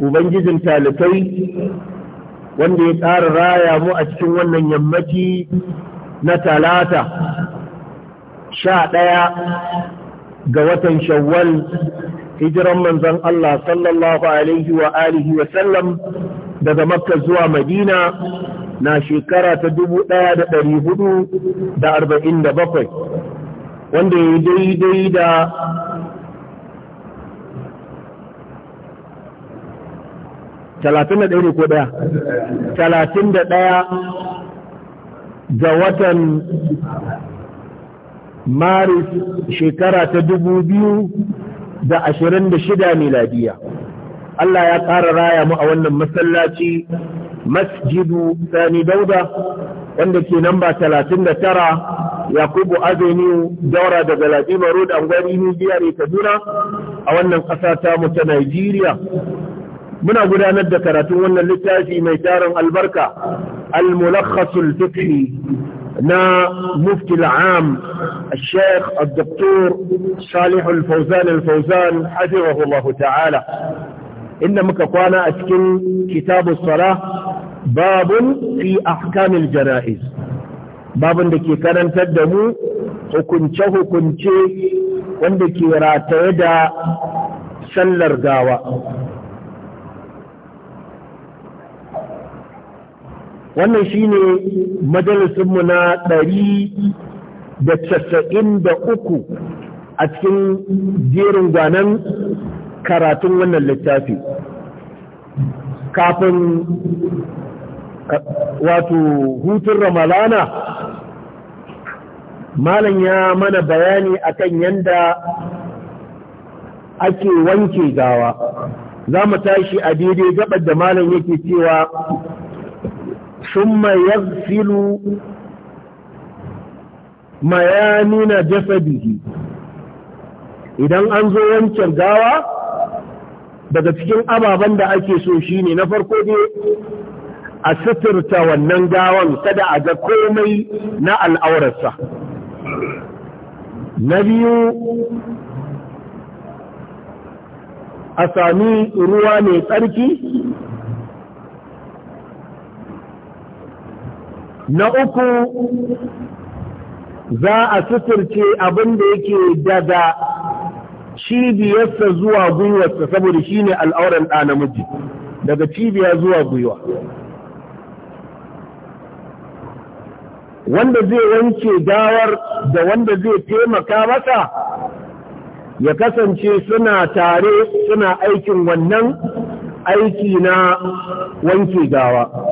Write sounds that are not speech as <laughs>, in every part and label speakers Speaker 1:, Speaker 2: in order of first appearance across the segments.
Speaker 1: ubangijin talikai wanda ya tsara raya mu a cikin wannan yammaci na talata
Speaker 2: sha ɗaya
Speaker 1: ga watan shawwal hijiran manzon Allah sallallahu alaihi wa alihi wa sallam daga makka zuwa madina na shekara ta dubu ɗaya da ɗari hudu da arba'in da bakwai wanda ya daidai da talatin da ɗaya ne ko ɗaya talatin da ɗaya ga watan maris shekara ta dubu biyu da ashirin da shida miladiya Allah ya ƙara raya mu a wannan masallaci masjidu sani dauda wanda ke namba talatin da tara yakubu avenue daura daga ladima road angwari nijiyar kaduna a wannan ƙasa ta mu ta nigeria muna gudanar da karatun wannan littafi mai tarin albarka al-mulakhasul fiqhi na mufti al-am al-sheikh al-doktor salih al-fawzan al-fawzan hafizahullah ta'ala inda muka kwana a cikin kitabu salah babun fi ahkamil jana'iz babun da ke karantar da mu hukunce-hukunce wanda ke rataye da sallar gawa wannan shine majalisunmu na ɗari da casa'in da uku a cikin jerin gwanan karatun wannan littafi kafin wato hutun ramalana malam ya mana bayani akan yanda ake wanke gawa za mu tashi a daidai gabar da malam yake cewa ثم يغسل ميامن جسده idan an zo wancan gawa daga cikin ababen da ake so shine na farko dai a suturta wannan gawan kada a ga komai na al'aurarsa na biyu a sami ruwa mai tsarki na uku za a suturce abin da yake daga cibiyarsa zuwa gwiwarsa saboda shi ne al'auran ɗa namiji daga cibiya zuwa gwiwa wanda zai wanke gawar da wanda zai taimaka masa ya kasance suna tare suna aikin wannan aiki na wanke gawa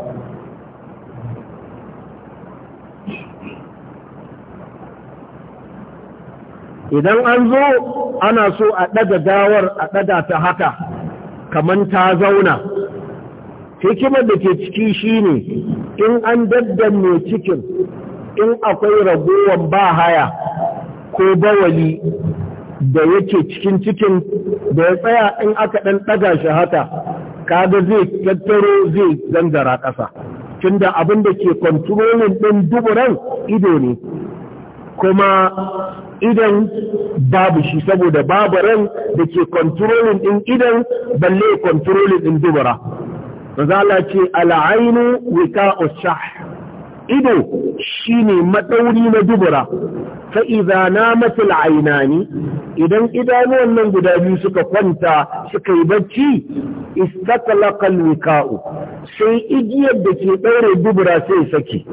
Speaker 1: idan an zo ana so a ɗaga gawar a ɗaga ta haka kamar ta zauna hikimar da ke ciki shine in an daddanne cikin in akwai ragowar ba haya ko bawali da yake cikin cikin da ya tsaya in aka ɗan ɗaga shi haka kaga zai tattaro zai zangara ƙasa tunda abin da ke kontrolin ɗin duburan ido ne kuma idan babu shi saboda babu ran da ke kontrolin ɗin idan balle kontrolin ɗin dubara. Maza ce al'ainu wika ushah ido shine maɗauri na dubura ta fa idza aina ne idan idanuwan nan guda biyu suka kwanta suka yi bacci istaqlaqa alwika'u sai igiyar da ke ɗaure dubura sai saki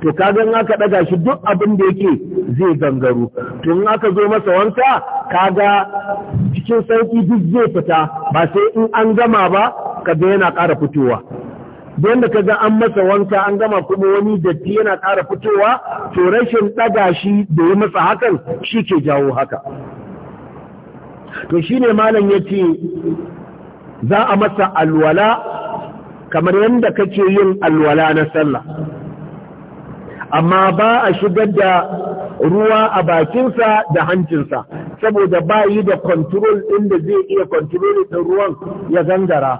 Speaker 1: to kaga in aka ɗaga shi duk abin da yake zai gangaro to in aka zo masa wanka kaga cikin sauki duk zai fita ba sai in an gama ba kaga yana ƙara fitowa da yadda ka ga an masa wanka an gama kuma wani datti yana ƙara fitowa to rashin ɗaga shi da ya masa hakan shi ke jawo haka to shi ne malam ya ce za a masa alwala kamar yadda kake yin alwala na sallah amma ba a shigar da ruwa a bakinsa da hancinsa saboda ba yi da control ɗin da zai iya control ɗin ruwan ya gangara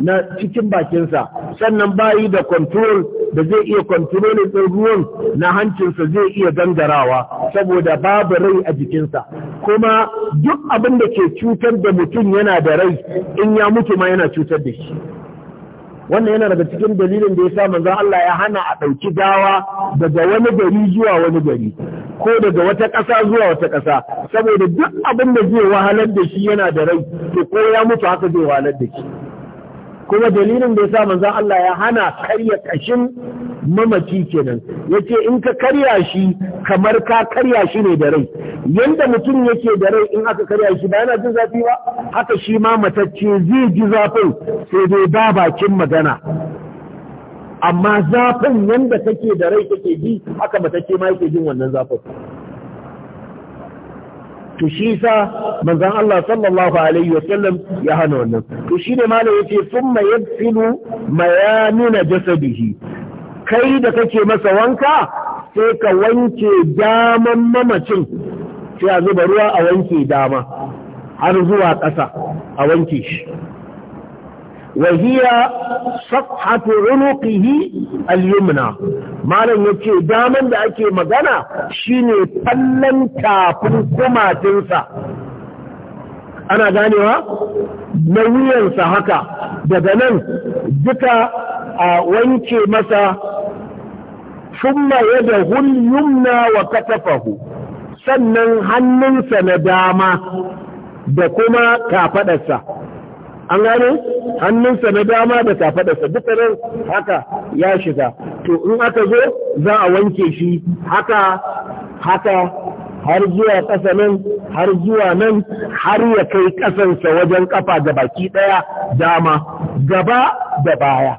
Speaker 1: na cikin bakinsa sannan bayi da control da zai iya control ɗin ruwan na hancinsa zai iya gangarawa saboda babu rai a jikinsa kuma duk abin da ke cutar da mutum yana da rai in ya mutu ma yana cutar da shi wannan yana daga cikin dalilin da ya sa manzon Allah ya hana a ɗauki gawa daga wani gari zuwa wani gari ko daga wata ƙasa zuwa wata ƙasa saboda duk abin da zai wahalar da shi yana da rai to ko ya mutu haka zai wahalar da shi kuma dalilin da ya sa manzan Allah ya hana karya kashin mamaci kenan yace in ka karya shi kamar ka karya shi ne da rai yanda mutum yake da rai in aka karya shi ba yana jin zafi ba haka shi ma matacce zai ji zafin sai dai ba bakin magana amma zafin yanda take da rai take ji haka matacce ma yake jin wannan zafin to shi sa manzon Allah sallallahu alaihi wasallam ya hana wannan to ne malam yace summa nuna mayanina jasadihi kai da kake masa wanka sai ka wanke daman mamacin sai a zuba ruwa a wanke dama har zuwa ƙasa a wanke shi وهي صفحة عنقه اليمنى malam ya ce daman da ake magana shine fallon tafin kumatinsa ana ganewa na wuyansa haka daga nan duka a wanke masa maye da hulyumna wa katafahu sannan hannunsa na dama da kuma kafaɗarsa an gano hannunsa na dama da kafadarsa duka ran haka ya shiga to in aka zo za a wanke shi haka haka har zuwa ƙasa nan har zuwa nan har ya kai ƙasansa wajen ƙafa da baki ɗaya dama gaba da baya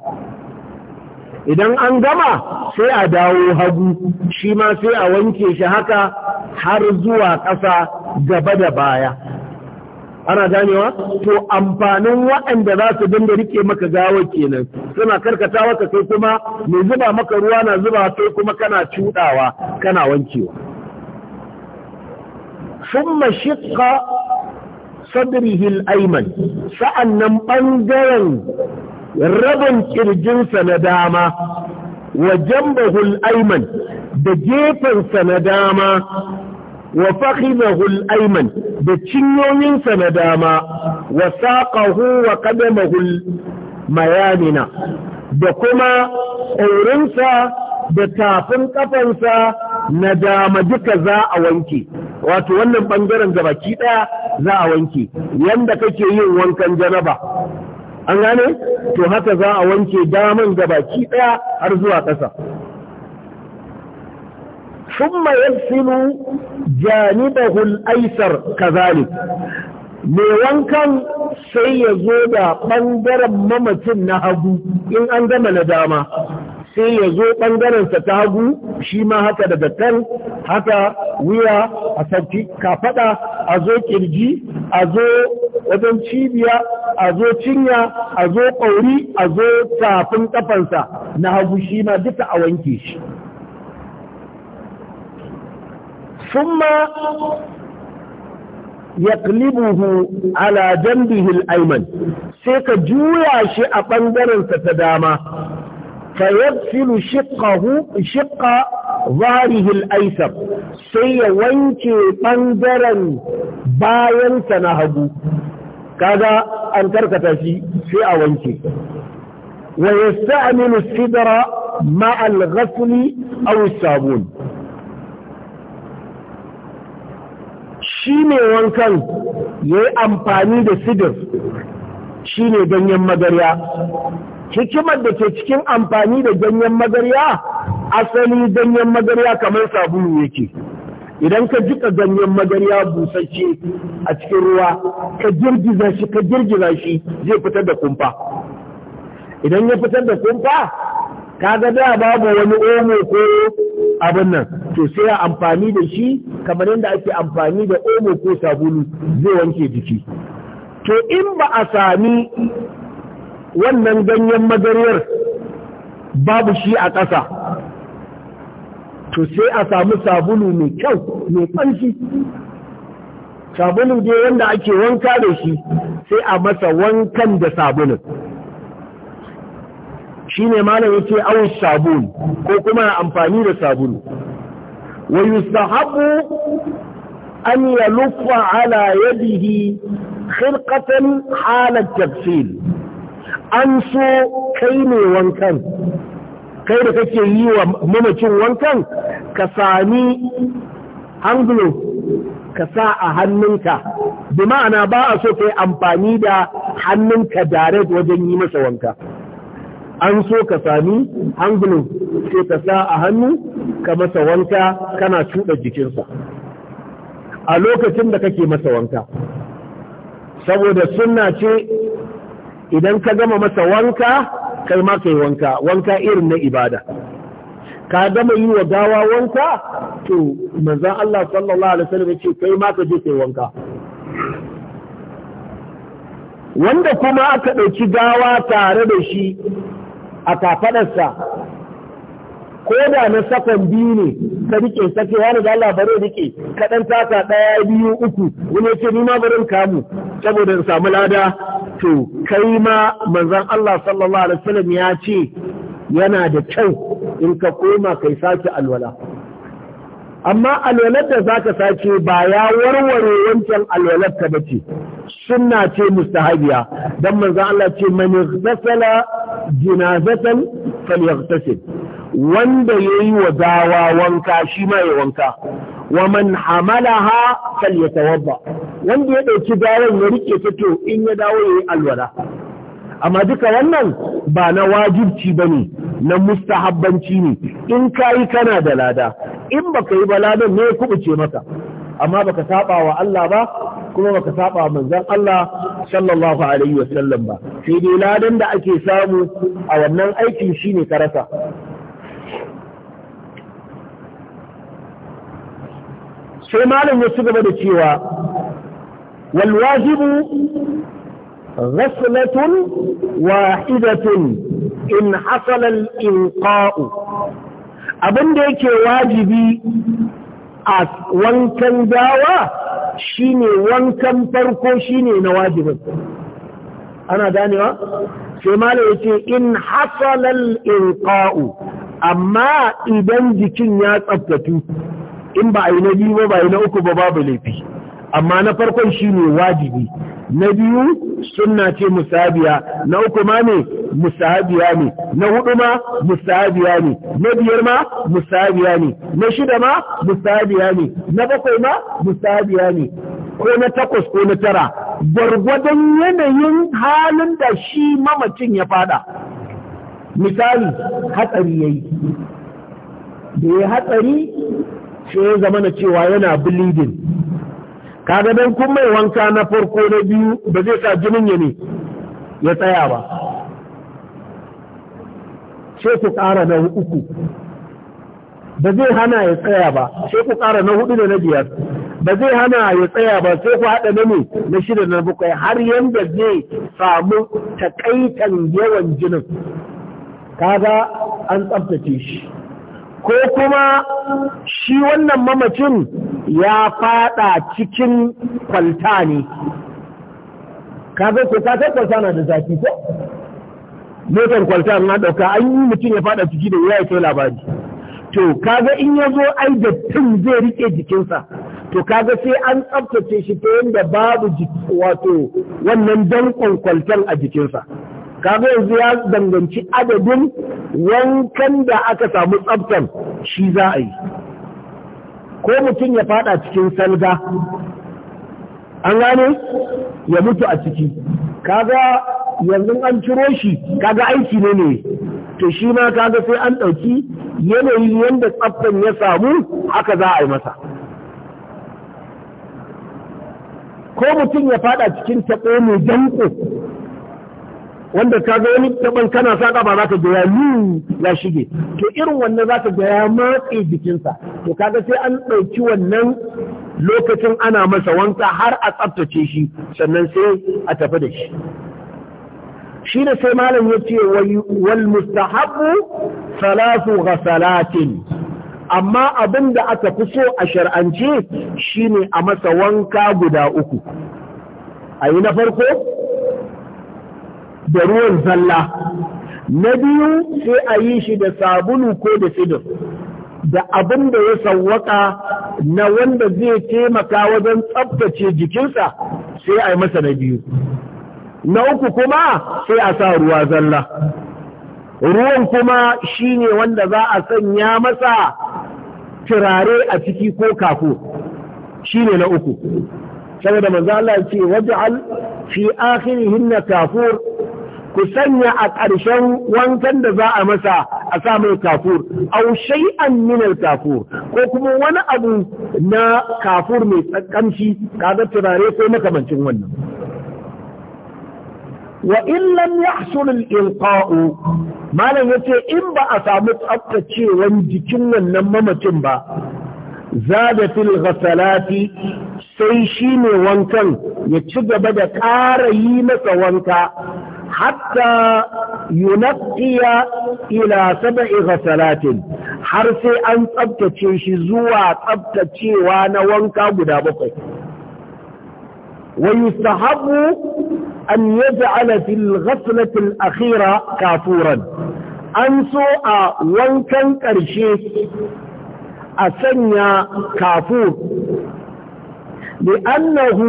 Speaker 1: idan an gama sai a dawo hagu shi ma sai a wanke shi haka har zuwa ƙasa gaba da baya ana ganewa to amfanin waɗanda za su dinga rike maka gawa kenan suna karkata maka kai kuma mai zuba maka ruwa na zuba kai kuma kana cuɗawa kana wankewa summa shiqqa sadrihi al-ayman sa'annan bangaren rabin ƙirjinsa na dama wa jambahu al-ayman da gefensa na dama wa fakhidhahu al-ayman da cinyoyinsa na dama wa saqahu wa qadamahu mayamina da kuma ƙaurinsa da tafin ƙafansa na dama duka za a wanke wato wannan bangaren gabaki ɗaya za a wanke yanda kake yin wankan janaba an gane to haka za a wanke daman gabaki ɗaya har zuwa ƙasa thumma yafsilu janibahu al-aysar kadhalik me wankan sai ya zo da bangaren mamacin na hagu in an gama na dama sai ya zo ɓangarensa ta hagu shi ma haka daga kan haka wuya a sauki kafaɗa a zo ƙirji a zo wajen cibiya a zo cinya a zo ƙauri a zo tafin ƙafansa na hagu shi ma duka a wanke shi ثم يقلبه على جنبه الأيمن سيك جويا شيء أطنقر تتداما فيغسل شقه شق ظهره الأيسر سي وينكي طنقرا باين سنهب كذا أن تركت شيء في وانكي ويستعمل السدر مع الغسل أو الصابون shi ne wankan ya yi amfani da sidir shi ne ganyen magarya hikimar da ke cikin amfani da ganyen magarya asali ganyen magarya kamar sabulu yake idan ka jika ganyen magarya busasshe a cikin ruwa ka girgiza shi ka girgiza shi zai fitar da kumfa idan ya fitar da kumfa ka ga da babu wani omo ko abin nan to sai ya amfani da shi kamar yadda ake amfani da omo ko sabulu zai wanke jiki to in ba a sami wannan ganyen magariyar babu shi a ƙasa to sai a samu sabulu mai kyau mai ƙanshi sabulu dai wanda ake wanka da shi sai a masa wankan da sabulun shi ne malam yake awon sabulu ko kuma amfani da sabulu ويستحب أن يلف على يده خرقة حال التفصيل an so kai ne wankan kai da kake yi wa mamacin wankan ka sami anglo ka a hannunka bi ma'ana ba a so ka amfani da hannunka direct wajen yi masa wanka an so ka sami anglo sai ka a hannu ka masa wanka kana cuɗa jikinsa a lokacin da kake masa wanka saboda suna ce idan ka gama masa wanka kai ma kai wanka wanka irin na ibada ka gama yi wa gawa wanka to manzan Allah sallallahu alaihi wasallam ce kai ma ka je kai wanka wanda kuma aka ɗauki gawa tare da shi a kafaɗarsa ko da na sakon biyu ne ka rike sake wani da Allah bare rike kadan taka daya biyu uku wani ce ni ma barin kamu saboda in samu lada to kai ma manzon Allah sallallahu alaihi wasallam ya ce yana da kyau in ka koma kai sake alwala amma alwalar da zaka sake ba ya warware wancan alwalar ka bace sunna ce mustahabiya dan manzon Allah ce man yaghtasala jinazatan falyaghtasil wanda ya yi wa dawa wanka shi ma ya wanka wa man hamalaha fal yatawadda wanda ya ɗauki dawan ya rike ta to in ya dawo ya yi alwala amma duka wannan ba na wajibci ba ne na mustahabbanci ne in ka yi kana da lada in baka yi ba ladan ne ya kubuce maka amma baka saba wa Allah ba kuma baka saba wa manzon Allah sallallahu alaihi wasallam ba sai dai ladan da ake samu a wannan aikin shine ka rasa sai malam ya ci gaba da cewa wal wajibu wahidatun واحدة in حصل abin da yake wajibi a wankan gawa shine wankan farko shine na wajibin ana ganewa sai ya ce in hasalal inqa'u amma idan jikin ya tsaftatu in ba a yi na biyu ba ba yi na uku ba babu laifi amma na farkon shi ne wajibi na biyu sunna ce mus'abiya. na uku ma ne mus'abiya ne na hudu ma musabiya ne na biyar ma mus'abiya ne na shida ma mus'abiya ne na bakwai ma mus'abiya ne ko na takwas ko na tara gwargwadon yanayin halin da shi mamacin ya fada misali hatsari ya yi da ya hatsari sai ya zama na cewa yana bleeding kaga dan kun mai wanka na farko na biyu ba zai sa jinin ya ne ya tsaya ba sai ku ƙara na uku ba zai hana ya tsaya ba sai ku ƙara na hudu da na biyar ba zai hana ya tsaya ba sai ku haɗa na ne na shida na bakwai har yanda zai samu takaitan yawan jinin kaga an tsabtace shi ko kuma shi wannan mamacin ya fada cikin kwalta ne kaga ko kwalta na da zafi ko motar kwalta na dauka an yi mutum ya fada ciki da ya kai labari to kaga in ya zo ai da tun zai rike jikinsa to kaga sai an tsabtace shi ta yadda babu wato wannan dankon kwaltan a jikinsa kaga yanzu ya danganci adadin wankan da aka samu tsabtan shi za a yi ko mutum ya fada cikin salga an gane ya mutu a ciki kaga yanzu an ciro shi kaga aiki ne ne to shi ma kaga sai an ɗauki yanayi yadda tsabtan ya samu haka za a yi masa ko mutum ya fada cikin taɓo mai danko wanda ka ga wani taban kana saka ba za ka gaya, ya ya shige to irin wannan za ka ga ya matse jikinsa to kaga sai an ɗauki wannan lokacin ana masa wanka har a tsaftace shi sannan sai a tafi da shi shi da sai malam ya ce wal mustahabu salatu salatin, amma abin da aka fi so a shar'ance shine a masa wanka guda uku a yi na farko da ruwan zalla na biyu sai a yi shi da sabulu ko da sidir da abin da ya sawwaka na wanda zai taimaka wajen tsabtace jikinsa sai a yi masa na biyu na uku kuma sai a sa ruwa zalla ruwan kuma shine wanda za a sanya masa turare a ciki ko kafo shine na uku saboda manzo Allah ya ce waj'al fi akhirihinna kafur ku sanya a ƙarshen wankan da za a masa a sa mai kafur au shay'an min kafur ko kuma wani abu na kafur mai tsakamci kaga turare ko makamancin wannan wa in lam yahsul al malam malam yace in ba a samu tsaftacewan jikin wannan mamacin ba zaga fil ghasalati sai shi ne wankan ya ci gaba da ƙara yi masa wanka حتى ينقي إلى سبع غسلات حرف أن تبتشي شزوى تبتشي وانا وانكا بدا بقي ويستحب أن يجعل في الغسلة الأخيرة كافورا أنسو وانكا كرشي أسنى كافور لأنه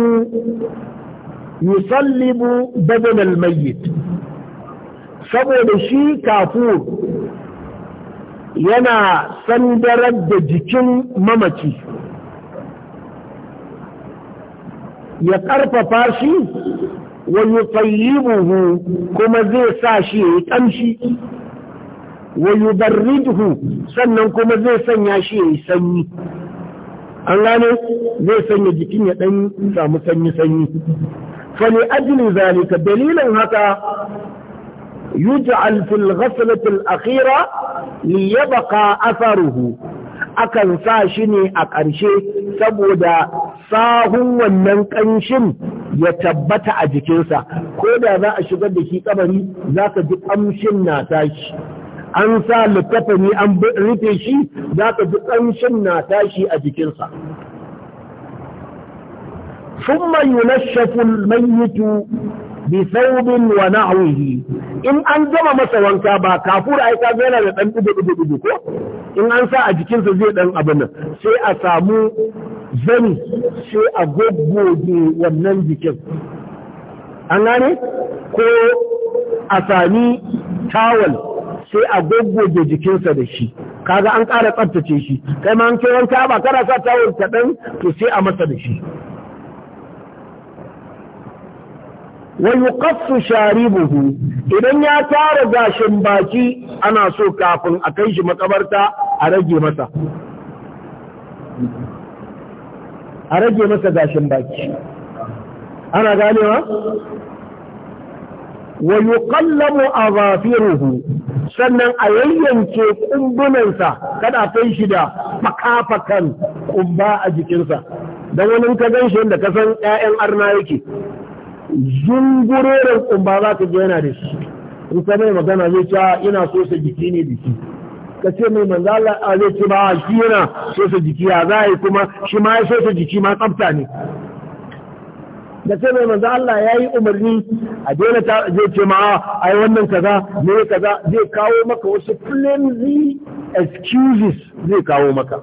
Speaker 1: yusallibu badal al-mayyit saboda shi kafu yana sandarar da jikin mamaci ya ƙarfafa shi wa yutayyibuhu kuma zai sa shi ya yi ƙamshi wa yubarriduhu sannan kuma zai sanya shi ya yi sanyi an gane zai sanya jikin ya ɗan samu sanyi-sanyi fali ajli zalika dalilin haka yuj'al fil ghaflati al akhira li yabqa atharuhu akan sa shi ne a ƙarshe saboda sahun wannan ƙanshin ya tabbata a jikinsa ko da za a shigar da shi kabari za ka ji ƙamshin na tashi an sa littattafani an rufe shi za ka ji ƙamshin na tashi a jikinsa ثم ينشف الميت بثوب ونعوه in an gama masa wanka ba kafura ai kaga yana da dan dubu dubu dubu ko in an sa a jikinsa zai dan abin nan sai a samu zani sai a goggoge wannan jikin an gane ko a sami tawal sai a goggoge jikinsa da shi kaga an ƙara tsabtace shi kai ma an kai wanka ba kana sa tawul kaɗan to sai a masa da shi wa yuqaffu sharibuhu idan ya tara gashin baki ana so kafin a kai shi makabarta a rage masa a rage masa gashin baki ana ganewa wa yuqallamu azafiruhu sannan a yayyanke kumbunansa kada kai shi da fakafakan kumba a jikinsa don wani ka gan shi da kasan 'ya'yan arna yake zungurorin kumba za ka gina yana da shi in ka mai magana zai ce ina so sa jiki ne shi ka ce mai manzo Allah a zai ce ba shi yana so sa jiki ya za yi kuma shi ma ya so sa jiki ma tsafta ne da ce mai manzo Allah ya yi umarni a daina ta zai ce ma yi wannan kaza ne kaza zai kawo maka wasu flimsy excuses zai kawo maka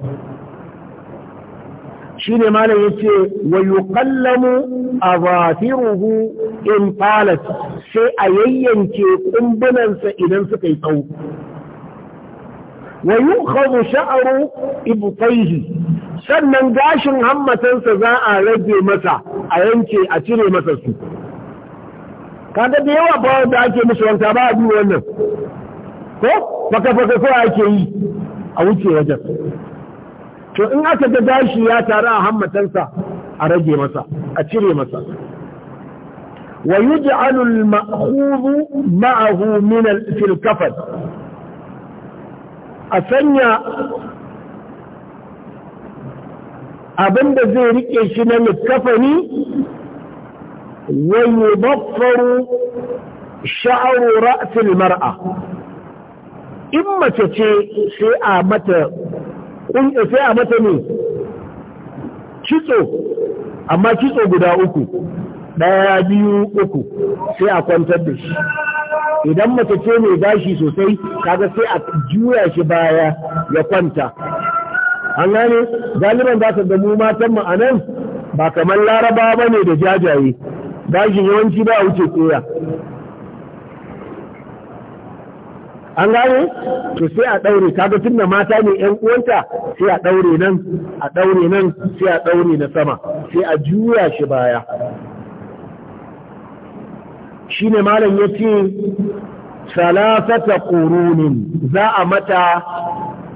Speaker 1: shine malam yace wa yuqallamu azafiruhu in talat sai a yayyanke kumbunansa idan suka yi tsawo wa yukhadhu sha'ru ibtayhi sannan gashin hammatansa za a rage masa a yanke a cire masa su kaga da yawa ba da ake musu wanka ba a biyu wannan ko faka faka ko ake yi a wuce wajen to in aka ga gashi ya taru a hammatansa a rage masa a cire masa wa yuj'alu al-ma'khudhu ma'ahu min fil kafan a sanya abin da zai rike shi na mikafani wa yudaffaru sha'ru ra's mara in mace ce sai a mata kun sai a mata ne kitso amma kitso guda uku ɗaya biyu uku sai a kwantar da shi idan mace ce mai gashi sosai kaga sai a juya shi baya ya kwanta an gane galiban za ka ga mu matan mu anan ba kamar laraba ba ne da jajaye gashi yawanci ba wuce tsoya an gane to sai a ɗaure kaga tunda mata ne yan uwanta sai a daure nan a daure nan sai a daure na sama sai a juya shi baya shine malam yace salasata qurunin za a mata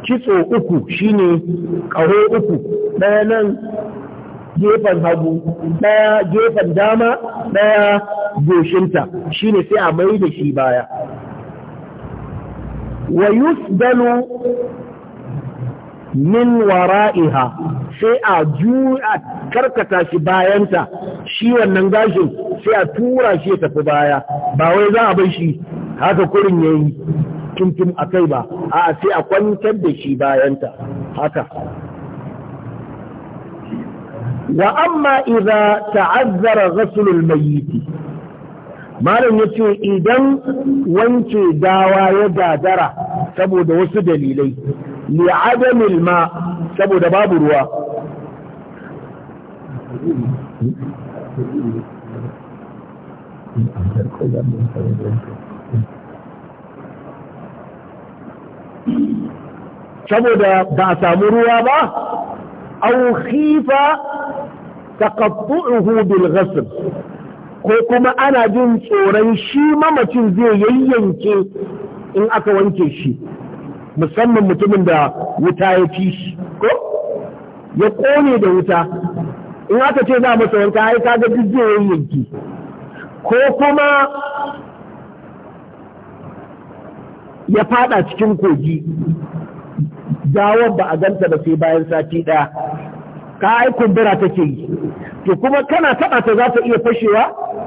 Speaker 1: kitso uku shine ƙaho uku ɗaya nan gefen hagu ɗaya gefen dama ɗaya goshinta shine sai a mai da shi baya wa yusdalu min wara'iha sai a juya karkata shi bayanta shi wannan gashin sai a tura shi ya tafi baya ba wai za a bar shi haka kurin yayi tuntum a kai ba a sai a kwantar da shi bayanta haka wa amma idza ta'azzara ghaslul mayyit malam ya ce idan wanke gawa ya gagara saboda wasu dalilai li li'adamil ma saboda babu ruwa saboda ba a samu ruwa ba au khifa taqattu'uhu bil ghasl ko kuma ana jin tsoron shi mamacin zai yayyanke in aka wanke shi musamman mutumin da wuta ya ci shi ko ya kone da wuta in aka ce za masa wanka ai kaga duk zai yayyanke ko kuma ya fada cikin kogi gawar ba a ganta ba sai bayan sati ɗaya ka ai kumbura take yi to kuma kana taɓa ta za ta iya fashewa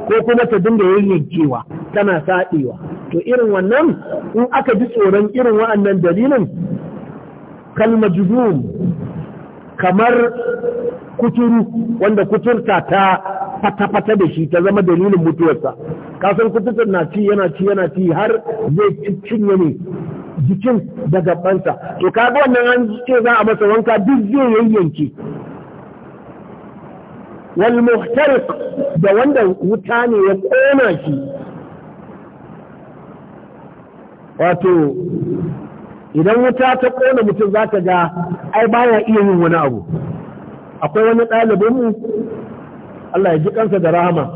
Speaker 1: ko kuma ta dinga yayyankewa tana saɗewa to irin wannan in aka ji tsoron irin wa'annan dalilin kalmajudum kamar kuturu wanda kuturta ta fata-fata da shi ta zama dalilin mutuwarsa kasan kuturtar na ci yana ci yana ci har zai cinye ne jikin da gabansa to kaga wannan an ce za a masa wanka duk zai yayyanke Wani muhtariq da wanda wuta ne ya kona shi wato idan wuta ta kona mutum za ta ga ai baya iya yin wani abu akwai wani ɗalibinmu Allah ya ji kansa da rahama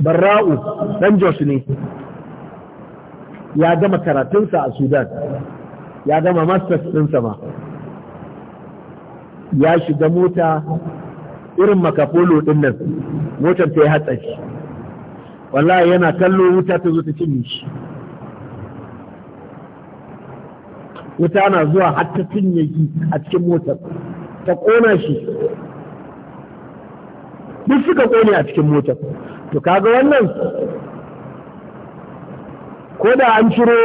Speaker 1: barra'u ɗan jos ne ya gama karatunsa a sudan ya gama masters ɗinsa ma ya shiga mota irin makafolo ɗin nan motar ta yi hatsari wallahi yana kallo wuta ta zo ta cinye shi wuta na zuwa har ta cinye shi a cikin motar ta ƙona shi duk suka ƙone a cikin motar to kaga wannan ko da an ciro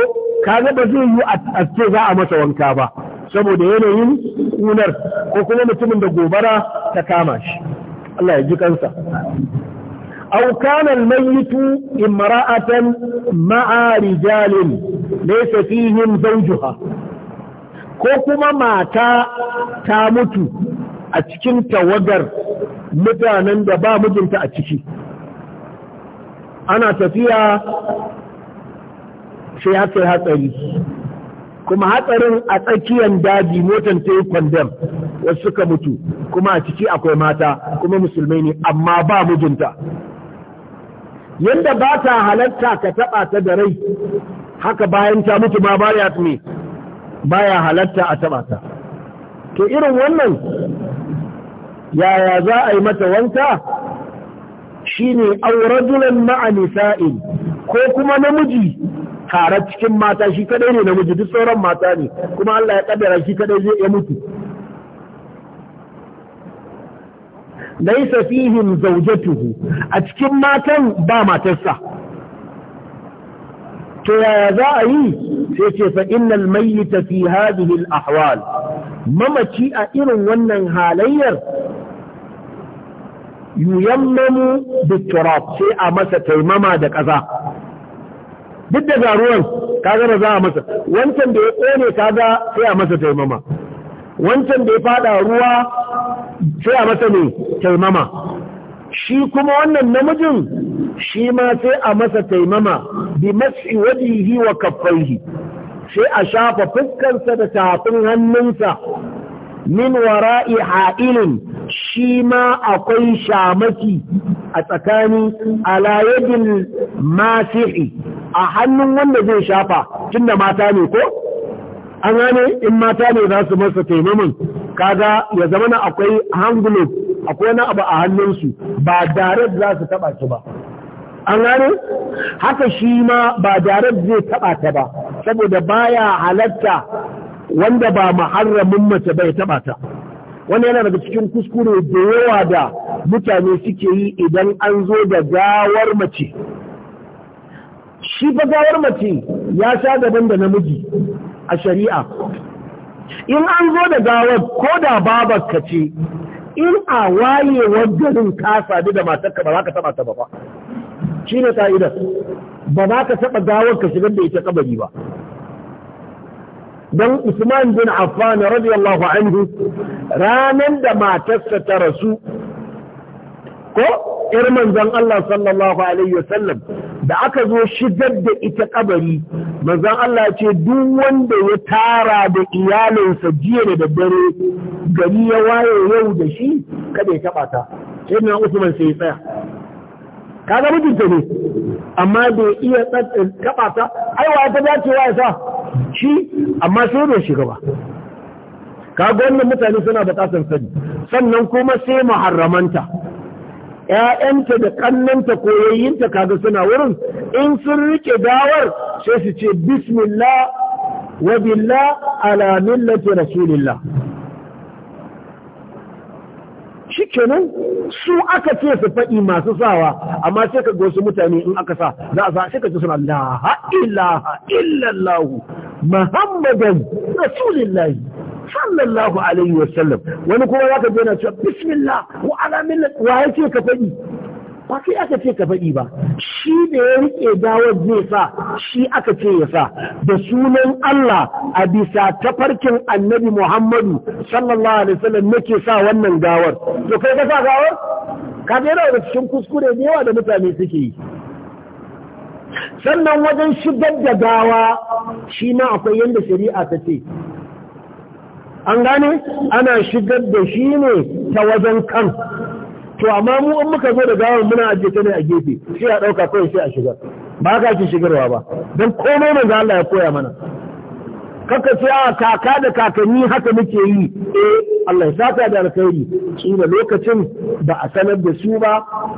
Speaker 1: kaga ba zai yi a ce za a masa wanka ba saboda yanayin kunar ko kuma mutumin da gobara ta kama shi Allah ya ji kansa aw kana almayitu imra'atan ma'a rijalin laysa fihim zawjuha ko kuma mata ta mutu a cikin tawagar mutanen da ba mijinta a ciki ana tafiya sai hatsari hatsari kuma hatsarin a tsakiyar daji motar ta yi kwandam wasu suka mutu kuma a ciki akwai mata kuma musulmai ne amma ba mijinta yadda ba ta halatta ka taɓa ta da rai haka bayan ta mutu ma baya ba ya halatta a taɓa ta to irin wannan yaya za a yi mata wanka shine aurajulan ma'a ma'anisa'in ko kuma namiji ƙara cikin mata shi kadai ne namiji duk sauran mata ne kuma Allah ya kaddara shi kadai zai ya mutu laisa fihim zawjatuhu a cikin matan ba matarsa to yaya za a yi sai ce fa innal mayyita fi hadhihi al ahwal mamaci a irin wannan halayyar yuyammamu biturab sai a masa taimama da kaza duk da garuwan kaga da a masa wancan da ya kone kaga sai a masa taimama wancan da ya fada ruwa sai a masa ne taimama shi kuma wannan namijin shi ma sai a masa taimama bi mas'i wajihi wa kaffaihi sai a shafa fuskarsa da tafin hannunsa min wara'i ha'ilin shi ma akwai shamaki a tsakani alayajin masihi a hannun wanda zai shafa tun da mata ne ko an gane in mata ne za su masa taimamin kaga ya zama na akwai hangulo akwai wani abu a hannunsu ba direct za su taba ki ba an gane haka shi ma ba direct zai taba ta ba saboda baya halatta wanda ba muharramin mace bai taba ta wani yana daga cikin kuskure da yawa da mutane suke yi idan an zo da gawar mace shi gawar mace ya sha daban da namiji a shari'a in an zo da gawar ko da babar ka ce in a wayewar garin ka sadu da matarka ba za ka taba ta ba shi ne ta'idar ba za ka taba gawar ka shigar da ita kabari ba don Usman bin Affan radiyallahu anhu ranar da matarsa ta rasu ko ‘yar manzon Allah sallallahu Alaihi wasallam da aka zo shigar da ita kabari manzon Allah ce duk wanda ya tara da iyalinsa jiya da daddare gari ya waye yau da shi kada ya taɓa ta sai na Usman sai ya tsaya kaga mijinta ne amma bai iya taɓa ta wa ta dacewa ya sa shi amma sai da shiga ba kaga wannan mutane suna kasan sani sannan kuma sai muharramanta ‘ya'yanta da ƙannanta ko yayyinta kaga suna wurin in sun rike dawar sai su ce bismillah wa billah ala millati rasulillah shikenan su aka ce su faɗi masu sawa amma sai ka ga wasu mutane in aka sa za a sa sai ka ce suna la ilaha illallah muhammadan rasulillahi sallallahu alaihi wani kuma zaka je na cewa bismillah wa ala millat wa ka faɗi ba sai aka ce ka faɗi ba shi da ya riƙe dawar zai sa shi aka ce ya sa da sunan Allah a bisa tafarkin annabi Muhammadu sallallahu alaihi wasallam nake sa wannan gawar to kai ka sa gawar ka ga da cikin kuskure da yawa da mutane suke yi sannan wajen shigar da gawa shi ma akwai yadda shari'a ta ce an gane ana shigar da shi ne ta wajen kan to amma mu in muka zo da gawar muna ajiye ta ne a gefe sai a ɗauka kawai sai a shigar ba ka ci shigarwa ba don komai manzo Allah ya koya mana kaka ce a kaka da kakanni haka muke yi eh Allah ya saka da alkhairi kila lokacin ba a sanar da su ba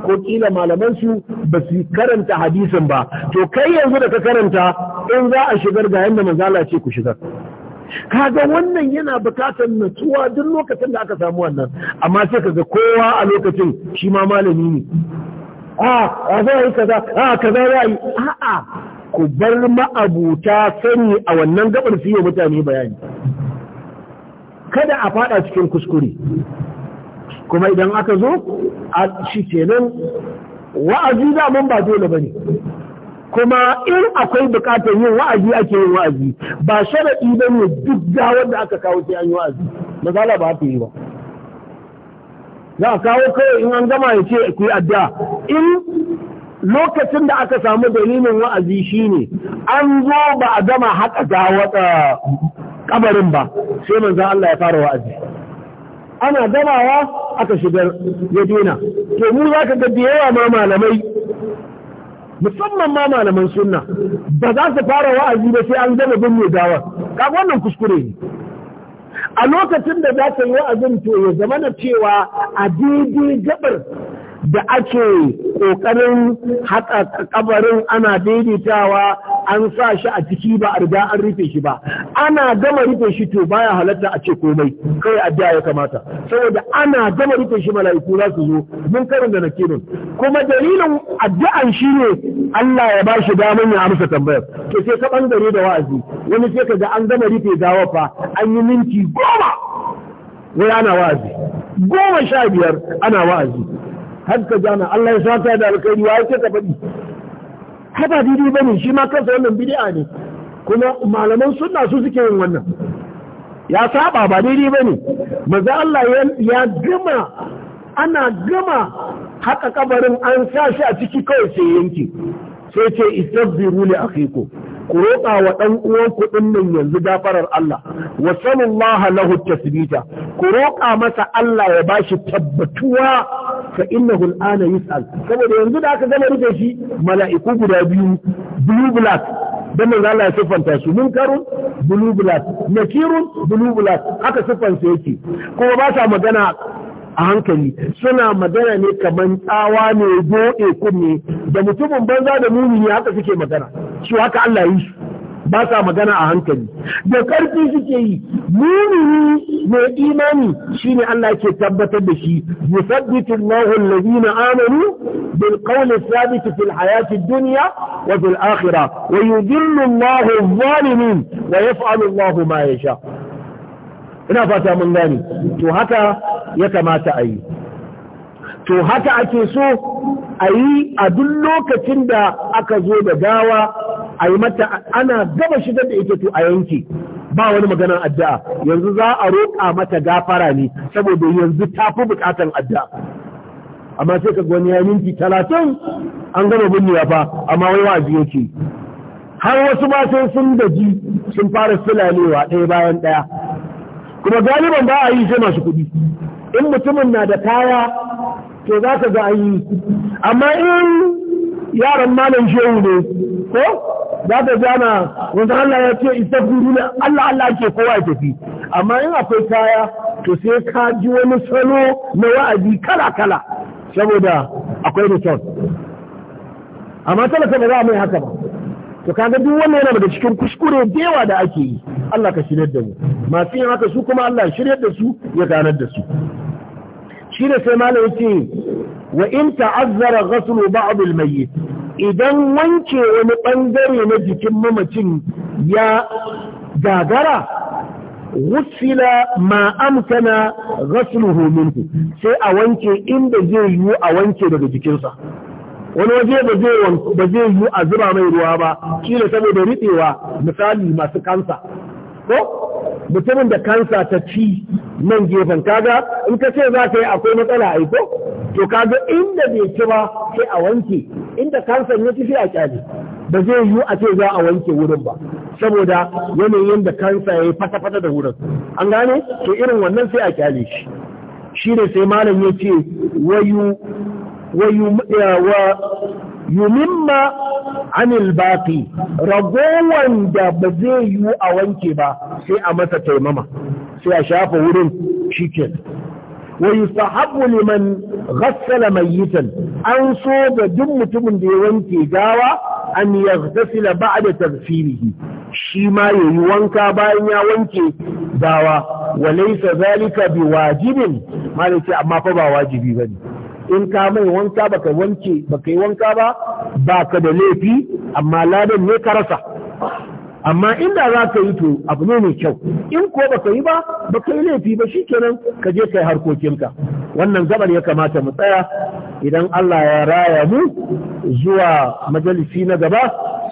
Speaker 1: ko kila malaman su ba su karanta hadisin ba to kai yanzu da ka karanta in za a shigar ga yanda manzala ce ku shigar kaga wannan yana bukatar natsuwa duk lokacin da aka samu wannan amma sai kaga kowa a lokacin shi ma malami ne a a yi kaza a kaza za yi a'a ku bar ma'abuta sani a wannan gabar su yi mutane bayani kada a fada cikin kuskure kuma idan aka zo a shi kenan wa'azi da mun ba dole bane kuma in akwai bukatar yin wa'azi ake yin wa'azi ba sharaɗi ba ne duk gawar da aka kawo sai an yi wa'azi misala ba ta yi ba za a kawo kawai in an gama ya ce ku yi addu'a in lokacin da aka samu dalilin wa'azi shine an zo ba a gama haka gawar kabarin ba sai manzan Allah ya fara wa'azi ana gamawa aka shigar ya to mu za ka ga da yawa ma malamai musamman ma malaman sunna ba za su fara wa'azi ba sai an gama mai dawa kaga wannan kuskure ne a lokacin da za ka yi wa'azin to ya zama na cewa a daidai gabar da ake ƙoƙarin haka kabarin ana daidaitawa an sa shi a ciki ba a riga an rufe shi ba ana gama rufe shi to baya halatta a ce komai kai addu'a ya kamata saboda ana gama rufe shi mala'iku za su zo mun karin da nake nan kuma dalilin addu'an shi ne Allah ya bashi daman ya amsa tambayar to sai ka bangare da wa'azi wani sai ga an gama rufe gawa fa an yi minti goma wai ana wa'azi goma sha biyar ana wa'azi har ka jana Allah ya saka da alkhairi wa yake ka faɗi haba daidai bane shi ma kansa wannan bid'a ne kuma malaman sunna su suke yin wannan ya saba ba daidai bane maza Allah ya gama ana gama haka kabarin an sa shi a ciki kawai sai yanke. sai ce istaghfiru li akhikum ku roƙa wa ɗan uwan kuɗin nan yanzu gafarar Allah wa sallallahu lahu tasbita ku roƙa masa Allah ya bashi tabbatuwa fa innahu al'ana yus'al saboda yanzu da aka gama rufe shi mala'iku guda biyu blue black dan manzo Allah ya siffanta su munkarun blue black nakirun blue black haka siffansa yake kuma ba sa magana a hankali suna magana ne kamar tsawa ne doɗe kunne da mutumin banza da muni ne haka suke magana su haka Allah yi su ba sa magana a hankali da ƙarfi suke yi muni mai imani shine Allah ke tabbatar da shi yusabbitu Allahu alladhina amanu bil qawli thabit fil hayati dunya wa fil akhirah wa yudillu Allahu adh-dhalimin wa yaf'alu Allahu ma yasha ina fata mun gane to haka ya kamata a yi to haka ake so a yi a duk lokacin da aka zo da gawa a yi mata ana gaba shigar da ita to a yanki ba wani maganar addu'a yanzu za a roƙa mata gafara ne saboda yanzu ta fi buƙatan addu'a amma sai ka gwani ya minti talatin an gama binnewa fa amma wai wa'azi yake har wasu ba sai sun gaji sun fara filalewa ɗaya bayan ɗaya kuma galiban ba a yi sai masu kuɗi in mutumin na da kaya to za ka ga an yi amma in yaran malam shehu ne ko za ka na wanzu Allah ya ce isa ne Allah Allah ke kowa ya tafi amma in akwai kaya to sai ka ji wani salo na wa'azi kala kala saboda akwai return amma talaka ba za mai haka ba to kaga duk wannan yana daga cikin kuskure da yawa da ake yi Allah ka shirya da mu masu yin haka su kuma Allah shirya da su ya ganar da su shi da sai malam yace wa in ta'azzara ghaslu ba'd al-mayyit idan wanke wani bangare na jikin mamacin ya gagara gusila ma amkana ghasluhu minhu sai a wanke inda zai yiwu a wanke daga jikinsa wani waje ba zai yiwu a zuba mai ruwa ba kila saboda riɗewa misali masu kansa ko mutumin da kansa ta ci nan gefen kaga in ka ce za ka yi akwai matsala a ko to kaga inda bai ci ba sai a wanke inda kansa ya ci sai a kyale ba zai yiwu a ce za a wanke wurin ba saboda yanayin da kansa ya yi fata-fata da wurin an gane to irin wannan sai a kyale shi shi ne sai malam ya ce wayu wayu yumimma anil baqi ragowan da ba zai yi a wanke ba sai a masa taimama sai a shafa wurin shikin wa yusahabu liman ghassala mayyitan an so ga duk mutumin da ya wanke gawa an yaghtasila ba'da tagfirihi shi ma yayi wanka bayan ya wanke gawa wa laysa zalika biwajibin malaki amma fa ba wajibi bane in ka mai wanka baka wanke baka yi wanka ba baka da laifi amma ladan ne ka rasa amma inda za ka yi to abu ne mai kyau in ko baka yi ba baka yi laifi ba shikenan ka je kai harkokinka wannan gabar ya kamata mu tsaya idan Allah ya raya mu zuwa majalisi na gaba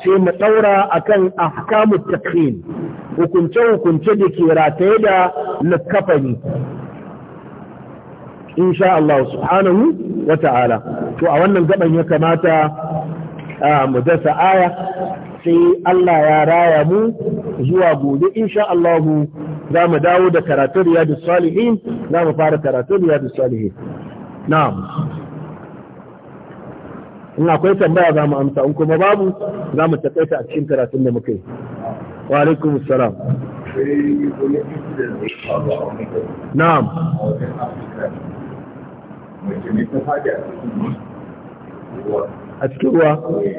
Speaker 1: sai mu daura akan ahkamut takfin hukunce-hukunce da ke rataye da lakafani insha Allah subhanahu wa ta'ala to a wannan gaban ya kamata mu dasa aya sai Allah ya raya mu zuwa gobe insha Allah za mu dawo da karatun riyadus salihin za mu fara karatun riyadus salihin na'am in akwai tambaya za mu amsa in kuma babu za mu takaita a cikin karatun da muke. wa alaikum salam na'am a cikin ruwa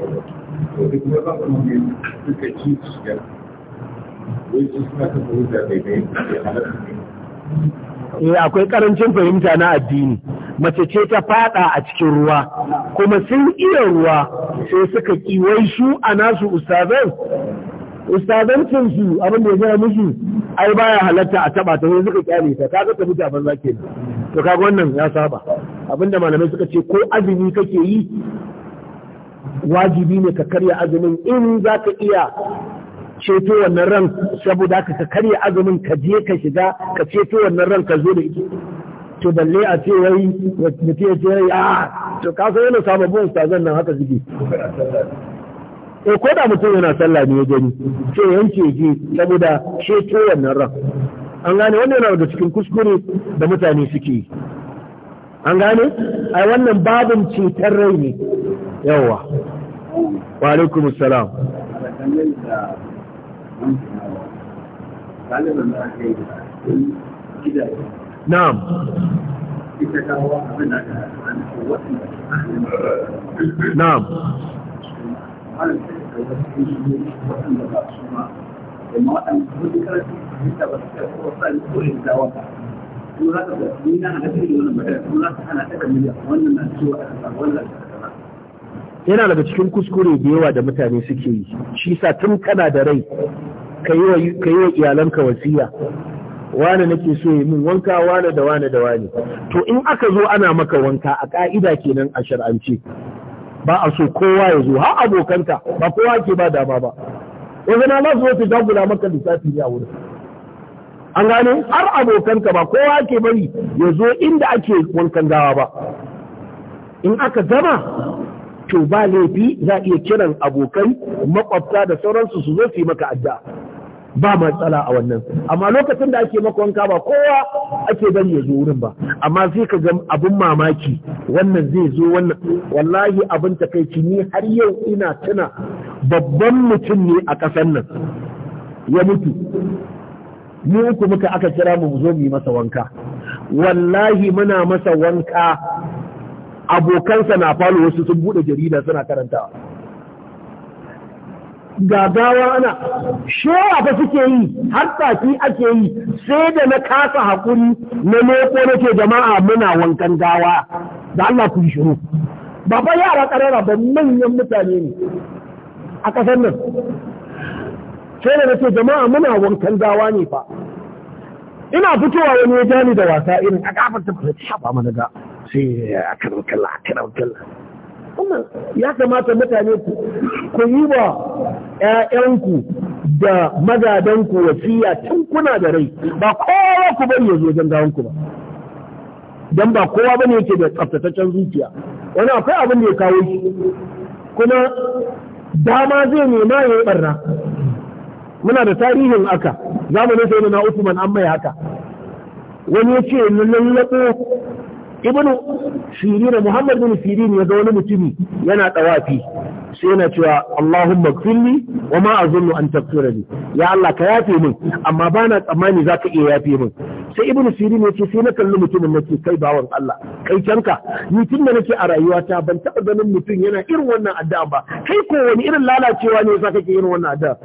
Speaker 1: Eh akwai karancin fahimta na addini mace ce ta fada a cikin ruwa kuma sun iya ruwa sai suka kiwon shu a nasu ustazai ustazancin su abin da ya gaya musu ai baya halatta a taba ta sai suka kyale ta kaga ta fita banza ke to kaga wannan ya saba abinda malamai suka ce ko azumi kake yi wajibi ne ka karya azumin in za ka iya ceto wannan ran saboda ka karya azumin ka je ka shiga ka ceto wannan ran ka zo da ita to balle a ce wai mutum ya ce a ah, to ka san yana sababbin ustazan nan haka suke ko eh, ko da mutum yana sallah ne ya gani ce yanke ji saboda ceto wannan ran an gane wannan yana da cikin kuskure da mutane suke yi an gane ai wannan babin cetar rai ne yawa wa alaikum assalam na'am na'am yana daga cikin kuskure da yawa da mutane suke yi shi sa tun kana da rai ka yi wa iyalanka wasiya wane nake so yi min wanka wane da wane da wane to in aka zo ana maka wanka a ka'ida kenan a shar'ance ba a so kowa ya zo har abokanka ba kowa ke ba dama ba yanzu na zo wata dagula maka lissafi ne a wurin an gane har abokanka ba kowa ke bari ya zo inda ake wankan gawa ba in aka gama to ba laifi za a iya kiran abokai makwabta da sauransu su zo su yi maka addu'a ba matsala a wannan amma lokacin da ake maka wanka ba kowa ake dan ya zo wurin ba amma sai ka ga abin mamaki wannan zai zo wannan wallahi abin takaici ni har yau ina tuna babban mutum ne a ƙasar nan ya mutu Ni uku muka aka kira mu zo mu yi masa wanka wallahi muna masa wanka abokansa na falo wasu sun bude jarida suna karantawa gagawa ana shewa ta suke yi har tsaki ake yi sai da na kasa hakuri na leko ke jama'a muna wankan gawa da Allah ku shiru Baba yara karara ba manyan mutane ne a ƙasar nan sai da na ce jama'a muna wankan gawa ne fa ina fitowa wani ya ni da wasa irin a kafar ta fita shafa mana ga sai a kan kalla a kan kalla ya kamata mutane ku yi ba ‘ya'yanku da magadanku wasiya tun kuna da rai ba kowa ku bari ya zo wajen gawanku ba don ba kowa ba ne yake da tsaftataccen zuciya wani akwai abin da ya kawo
Speaker 2: shi kuma
Speaker 1: dama zai nema ya yi barna muna da tarihin aka zamanin sai na Usman an mai haka wani ya ce ibnu shirin muhammad bin sirin ya ga wani mutumi yana tawafi sai yana cewa Allahumma gfirli wa ma azunnu an taghfira li ya Allah ka yafe min amma bana tsammani zaka iya yafe min sai ibnu sirin ce sai na kalli mutumin nake kai Bawon Allah kai canka ni tun da nake a rayuwata ban taba ganin mutum yana irin wannan addu'a ba kai ko wani irin lalacewa ne yasa kake irin wannan addu'a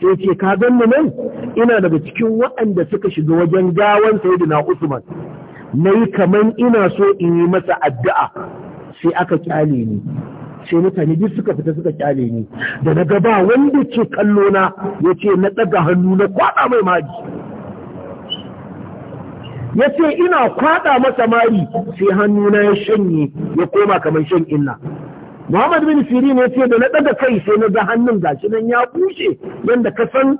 Speaker 1: sai ce ka ganni nan ina daga cikin waɗanda suka shiga wajen gawan sayyidina Usman na yi kaman ina so in yi masa addu'a sai aka kyale ni sai mutane duk suka fita suka kyale ni da na gaba wanda ke kallo na ya ce na ɗaga hannu na kwaɗa mai maji ya ce ina kwaɗa masa mari sai hannu na ya shanye ya koma kamar shan inna Muhammad bin Sirin ya ce da na ɗaga kai sai na ga hannun gashi nan ya bushe yadda ka san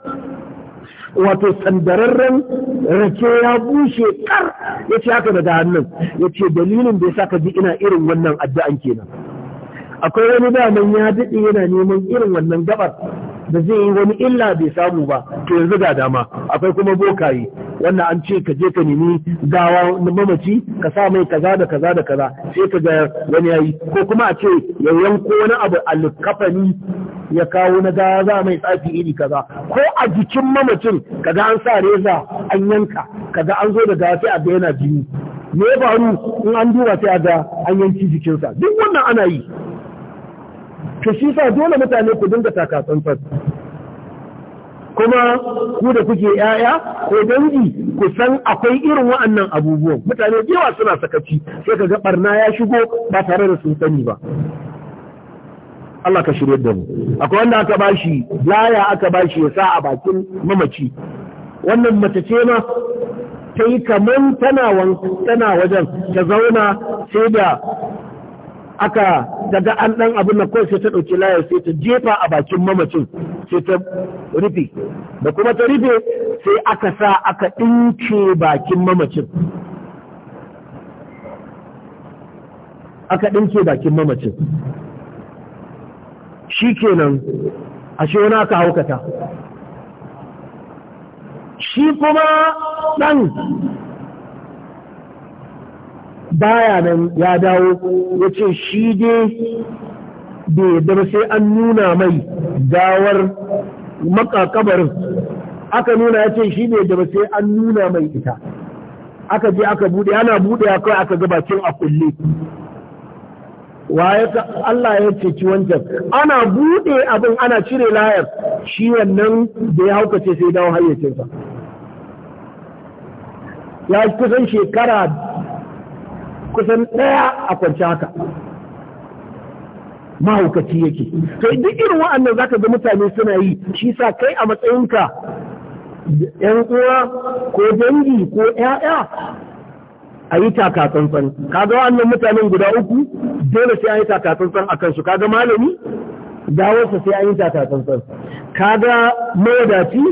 Speaker 1: wato tsandararren rake ya bushe kar ya ce haka daga hannun ya ce dalilin da ya sa ka ji ina irin wannan addu'an kenan akwai wani daman ya daɗe yana neman irin wannan gabar da zai yi wani illa bai samu ba to yanzu ga dama akwai kuma bokaye wannan an ce ka je ka nemi gawa na mamaci ka sa mai kaza da kaza da kaza sai ka ga wani yayi ko kuma a ce ya yanko wani abu alkafani ya kawo na gaza za mai tsafi iri kaza ko a jikin mamacin kaga an sa reza an yanka kaga an zo da gawa sai a yana jini me ya faru in an duba sai a ga an yanki jikinsa duk wannan ana yi Ka shi sa dole mutane ku dinga taka kuma ku da kuke yaya ko dangi ku san akwai irin waɗannan abubuwan mutane yawa suna sakaci sai ka ga barna ya shigo ba tare da sun sani ba Allah ka shirye da mu akwai wanda aka bashi laya aka bashi ya sa a bakin mamaci wannan mace ce ma ta yi kaman tana wajen ta zauna sai da aka daga an ɗan abin na kawai sai ta ɗauki layar sai ta jefa a bakin mamacin sai ta rufe da kuma ta rufe sai aka sa aka ɗinke bakin mamacin aka ɗinke bakin mamacin shi kenan shi wani aka haukata shi kuma ɗan baya nan ya dawo ya ce shi dai bai ba sai an nuna mai gawar makakabarin aka nuna ya ce shi ne da sai an nuna mai ita aka je aka bude ana bude kawai aka ga bakin a kulle ya ka Allah ya ci wancan ana bude abin ana cire layar shi wannan da ya haukace sai dawo hayyacinsa ya kusan shekara kusan ɗaya a kwanci haka mahaukaci yake to duk irin wa'annan ka ga mutane suna yi shi sa kai a matsayinka yan uwa ko dangi ko ƴaƴa a yi takatsantsan kaga wa'annan mutanen guda uku dole sai a yi takatsantsan a kansu ga malami dawosa sai an yi takatsantsan kaga mawadaci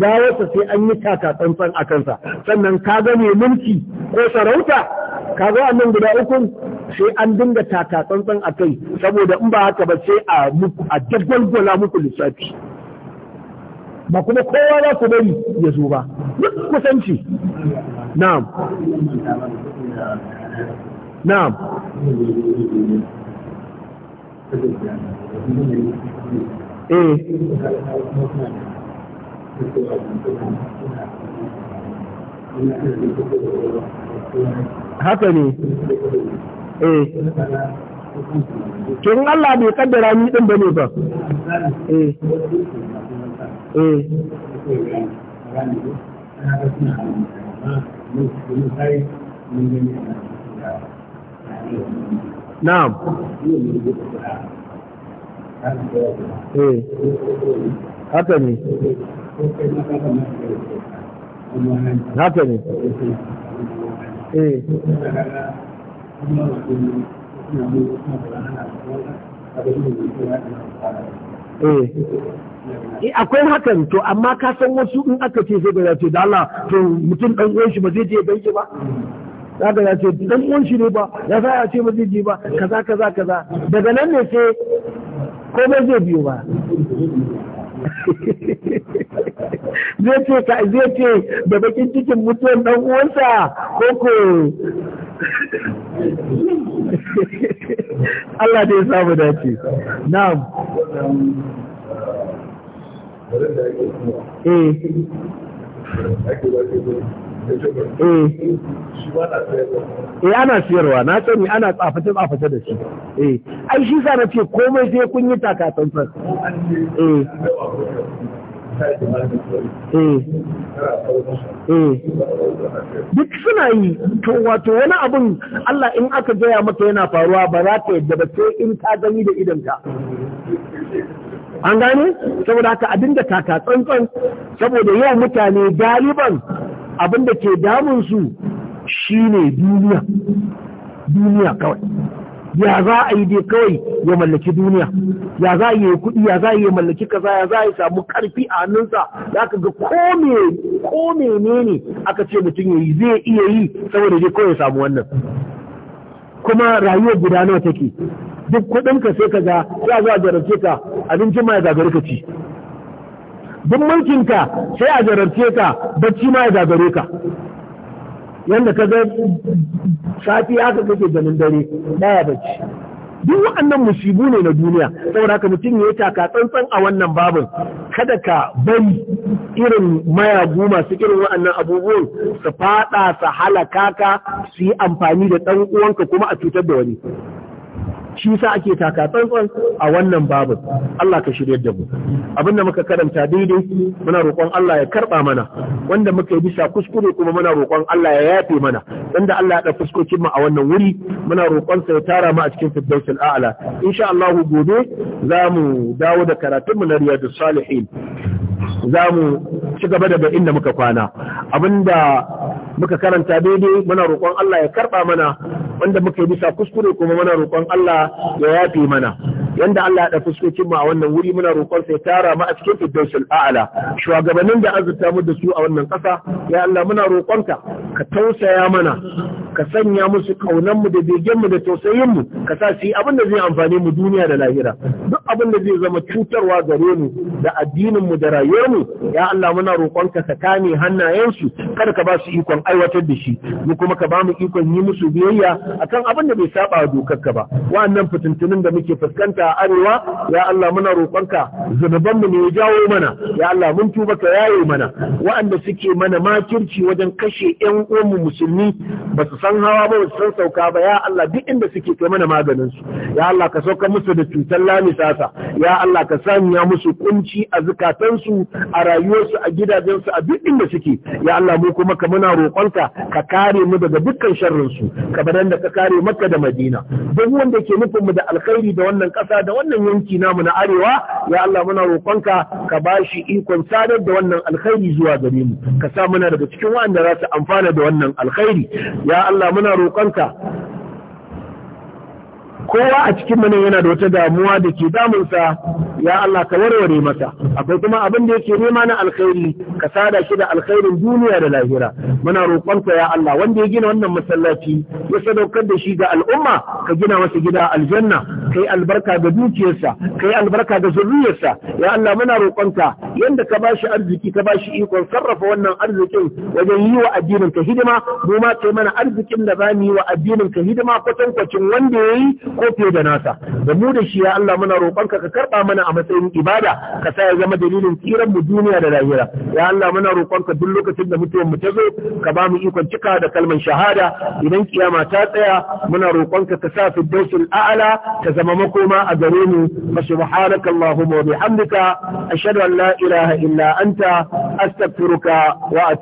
Speaker 1: dawosa sai an yi takatsantsan a kansa sannan ga mai mulki ko sarauta kaga anan guda uku sai an dinga takatsantsan a kai saboda in ba haka ba sai a a dagwalgwala muku lissafi ba kuma kowa za ku bari ya zo ba duk kusanci na'am na'am
Speaker 2: Eh. haka ne eh
Speaker 1: kin Allah bai kaddara ni din bane ba eh
Speaker 2: eh mun
Speaker 1: نعم eh. eh
Speaker 2: eh Eh
Speaker 1: akwai hakan to amma ka san wasu in aka ce sai da ce da Allah to mutum dan uwan shi ba zai je banki ba zaka ya ce dan uwan shi ne ba ya sa ya ce ba zai ba kaza kaza kaza daga nan ne ko ba zai biyo ba <laughs> zai ce ka zai ce da bakin cikin mutuwar dan uwansa ko ko <laughs> Allah dai samu dace na'am
Speaker 2: eh Eh.
Speaker 1: eh ana siyarwa na sani ana tsaface tsaface da shi eh ai shi sa na ce komai sai kun yi taka tantan. Eh. Eh. eh duk suna yi to wato wani abun Allah in aka gaya maka yana faruwa ba za ka yadda ba sai in ka gani da ka, an gane saboda haka abin da taka tsantsan saboda yau mutane galiban abin da ke damunsu shine duniya duniya kawai ya za a yi dai kawai ya mallaki duniya ya za a yi kuɗi ya za a yi mallaki kaza ya za a yi samu ƙarfi a hannunsa ya ka ga ko mene ne aka ce mutum ya yi zai iya yi saboda dai kawai ya samu wannan kuma rayuwar guda nawa take duk kuɗinka sai ka ga ya za a jarabce ka abincin ma ya gagari ci duk mulkinka sai a jararce ka bacci ma ya gagare ka yadda ka ga shafi haka kake ganin dare baya bacci duk waɗannan musibu ne na duniya saboda haka mutum ya taka tsantsan a wannan babin kada ka bari irin mayagu masu irin waɗannan abubuwan su faɗa su halaka ka su yi amfani da ɗan uwanka kuma a cutar da wani shi yasa ake taka tsantsan a wannan babu Allah ka shiryar da mu abin da muka karanta daidai muna roƙon Allah ya karɓa mana wanda muka yi bisa kuskure kuma muna roƙon Allah ya yafe mana wanda Allah ya da fuskokin mu a wannan wuri muna roƙon sa ya tara mu a cikin firdausul a'la insha Allah gobe za mu dawo da karatun mu na riyadus salihin za mu ci gaba daga inda muka kwana abinda muka karanta daidai muna roƙon Allah ya karɓa mana wanda muka yi bisa kuskure kuma muna roƙon Allah ya yafe mana yanda Allah ya da fuskokin mu a wannan wuri muna roƙon sai tara mu a cikin fiddausul a'ala shugabannin da azurta mu da su a wannan ƙasa ya Allah muna roƙonka ka tausaya mana ka sanya musu kaunan mu da begen mu da tausayin mu ka sa su yi abin da zai amfane mu duniya da lahira duk abin da zai zama cutarwa gare mu da addinin mu da rayuwar mu ya Allah muna muna roƙonka ka kame hannayensu kada ka ba su ikon aiwatar da shi mu kuma ka ba mu ikon yi musu biyayya akan abin da bai saba ka ba wa'annan fitintunin da muke fuskanta a arewa ya Allah muna roƙonka zunuban mu ne ya jawo mana ya Allah mun tuba ka yaye mana wa'anda suke mana makirci wajen kashe ƴan uwanmu musulmi ba su san hawa ba su san sauka ba ya Allah duk inda suke kai mana maganin su ya Allah ka sauka musu da cutar lamisasa ya Allah ka sanya musu kunci a zukatansu a rayuwarsu a gidajensu a duk inda suke ya Allah mu kuma ka muna roƙonka ka kare mu daga dukkan sharrinsu kamar yadda ka kare Makka da Madina duk wanda ke nufin mu da alkhairi da wannan ƙasa da wannan yanki namu na arewa ya Allah muna roƙonka ka ba shi ikon sadar da wannan alkhairi zuwa gare mu ka sa muna daga cikin waɗanda za su amfana da wannan alkhairi ya Allah muna roƙonka kowa a cikin mana yana da wata damuwa da ke damunsa ya Allah ka warware masa akwai kuma abin da yake nema na alkhairi ka sada shi da alkhairin duniya da lahira muna roƙonka ya Allah wanda ya gina wannan masallaci ya sadaukar da shi ga al'umma ka gina masa gida aljanna kai albarka ga dukiyarsa kai albarka ga zurriyarsa ya Allah muna ka yanda ka bashi arziki ka bashi ikon sarrafa wannan arzikin wajen yi wa addinin ka hidima mu ma kai mana arzikin da za mu yi wa addinin ka hidima kwatankwacin wanda ya yi ko fiye da nasa da mu da shi ya Allah muna roƙonka ka karɓa mana a matsayin ibada ka sa ya zama dalilin tsiran mu duniya da lahira ya Allah muna roƙonka duk lokacin da mutuwar mu ta zo ka ba mu ikon cika da kalman shahada idan kiyama ta tsaya muna roƙonka ka sa fi dausul a'ala ta zama makoma a gare mu fa subhanaka allahumma wa bihamdika ashhadu an la ilaha illa anta astaghfiruka wa